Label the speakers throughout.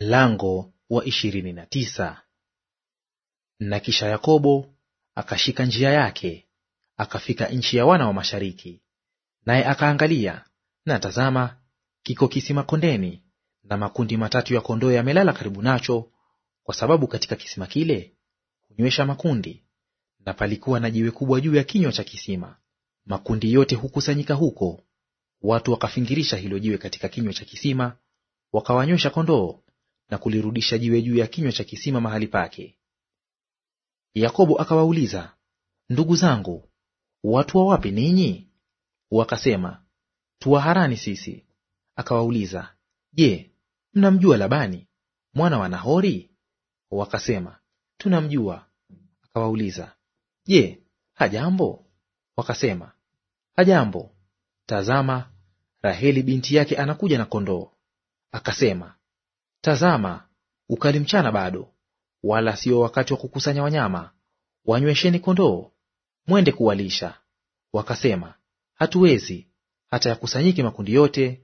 Speaker 1: Mlango wa ishirini na tisa. Na kisha Yakobo akashika njia yake akafika nchi ya wana wa mashariki, naye akaangalia, na tazama, kiko kisima kondeni, na makundi matatu ya kondoo yamelala karibu nacho, kwa sababu katika kisima kile hunywesha makundi, na palikuwa na jiwe kubwa juu ya kinywa cha kisima. Makundi yote hukusanyika huko, watu wakafingirisha hilo jiwe katika kinywa cha kisima, wakawanywesha kondoo na kulirudisha jiwe juu ya kinywa cha kisima mahali pake. Yakobo akawauliza, ndugu zangu, watu wa wapi ninyi? Wakasema, tuwa Harani sisi. Akawauliza, je, mnamjua Labani mwana wa Nahori? Wakasema, tunamjua. Akawauliza, je, hajambo? Wakasema, hajambo. Tazama, Raheli binti yake anakuja na kondoo. Akasema, Tazama, ukali mchana bado, wala siyo wakati wa kukusanya wanyama; wanywesheni kondoo, mwende kuwalisha. Wakasema, hatuwezi, hata yakusanyike makundi yote,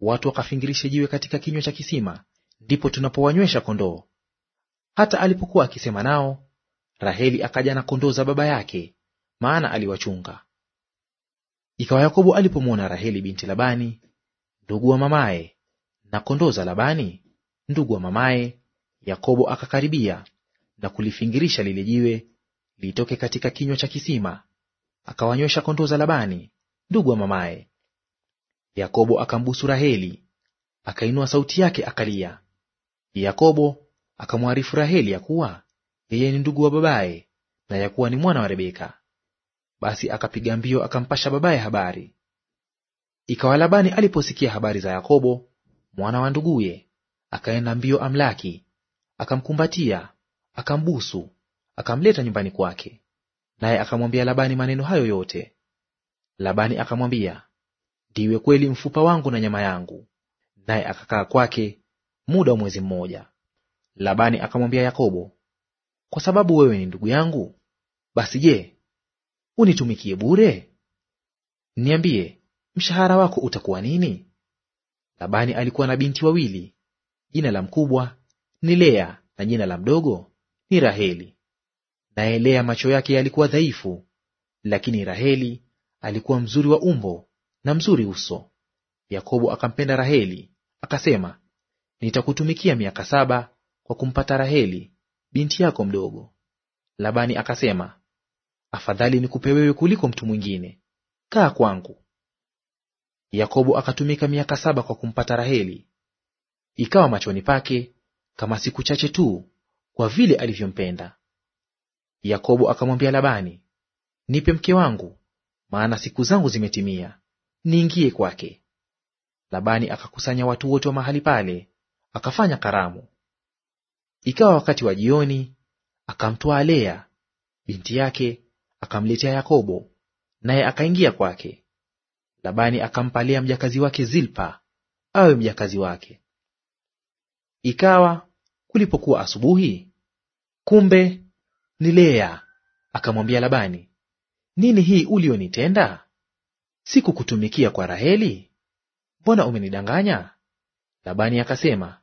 Speaker 1: watu wakafingirishe jiwe katika kinywa cha kisima, ndipo tunapowanywesha kondoo. Hata alipokuwa akisema nao, Raheli akaja na kondoo za baba yake, maana aliwachunga. Ikawa Yakobo alipomwona Raheli binti Labani, ndugu wa mamaye, na kondoo za Labani, ndugu wa mamaye Yakobo akakaribia na kulifingirisha lile jiwe litoke katika kinywa cha kisima, akawanywesha kondoo za Labani ndugu wa mamaye. Yakobo akambusu Raheli, akainua sauti yake akalia. Yakobo akamwarifu Raheli ya kuwa yeye ni ndugu wa babaye na ya kuwa ni mwana wa Rebeka. Basi akapiga mbio akampasha babaye habari. Ikawa Labani aliposikia habari za Yakobo mwana wa nduguye, akaenda mbio Amlaki, akamkumbatia, akambusu, akamleta nyumbani kwake. Naye akamwambia Labani maneno hayo yote. Labani akamwambia, ndiwe kweli mfupa wangu na nyama yangu. Naye akakaa kwake muda wa mwezi mmoja. Labani akamwambia Yakobo, kwa sababu wewe ni ndugu yangu, basi je, unitumikie bure? Niambie, mshahara wako utakuwa nini? Labani alikuwa na binti wawili, Jina la mkubwa ni Lea na jina la mdogo ni Raheli. Naye Lea macho yake yalikuwa dhaifu, lakini Raheli alikuwa mzuri wa umbo na mzuri uso. Yakobo akampenda Raheli akasema, nitakutumikia miaka saba kwa kumpata Raheli binti yako mdogo. Labani akasema, afadhali nikupe wewe kuliko mtu mwingine, kaa kwangu. Yakobo akatumika miaka saba kwa kumpata Raheli, ikawa machoni pake kama siku chache tu, kwa vile alivyompenda. Yakobo akamwambia Labani, nipe mke wangu, maana siku zangu zimetimia, niingie kwake. Labani akakusanya watu wote wa mahali pale, akafanya karamu. Ikawa wakati wa jioni, akamtwaa Lea binti yake, akamletea Yakobo, naye akaingia kwake. Labani akampa Lea mjakazi wake Zilpa awe mjakazi wake. Ikawa kulipokuwa asubuhi, kumbe ni Lea. Akamwambia Labani, nini hii ulionitenda Sikukutumikia kwa Raheli? Mbona umenidanganya? Labani akasema,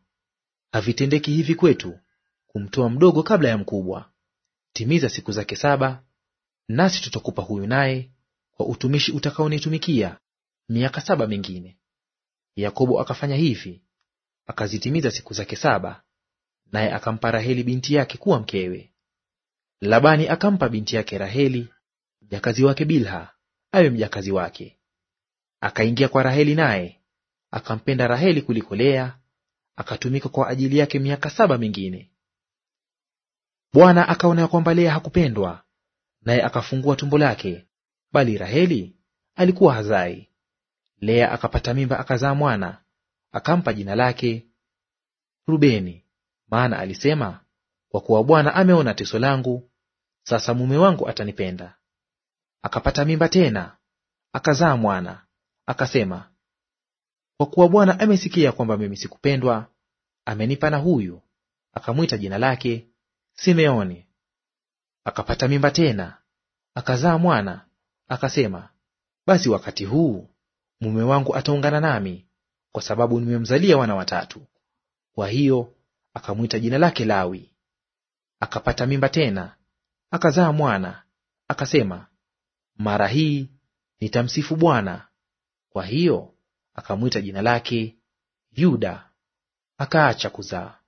Speaker 1: havitendeki hivi kwetu kumtoa mdogo kabla ya mkubwa. Timiza siku zake saba, nasi tutakupa huyu naye kwa utumishi utakaonitumikia miaka saba mingine. Yakobo akafanya hivi akazitimiza siku zake saba, naye akampa Raheli binti yake kuwa mkewe. Labani akampa binti yake Raheli mjakazi wake Bilha awe mjakazi wake. Akaingia kwa Raheli, naye akampenda Raheli kuliko Lea, akatumika kwa ajili yake miaka saba mingine. Bwana akaona ya kwamba Lea hakupendwa, naye akafungua tumbo lake, bali Raheli alikuwa hazai. Lea akapata mimba akazaa mwana, akampa jina lake Rubeni, maana alisema, kwa kuwa Bwana ameona teso langu, sasa mume wangu atanipenda. Akapata mimba tena, akazaa mwana, akasema, kwa kuwa Bwana amesikia kwamba mimi sikupendwa, amenipa na huyu, akamwita jina lake Simeoni. Akapata mimba tena, akazaa mwana, akasema, basi wakati huu mume wangu ataungana nami kwa sababu nimemzalia wana watatu. Kwa hiyo akamwita jina lake Lawi. Akapata mimba tena, akazaa mwana, akasema, mara hii nitamsifu Bwana. Kwa hiyo akamwita jina lake Yuda. Akaacha kuzaa.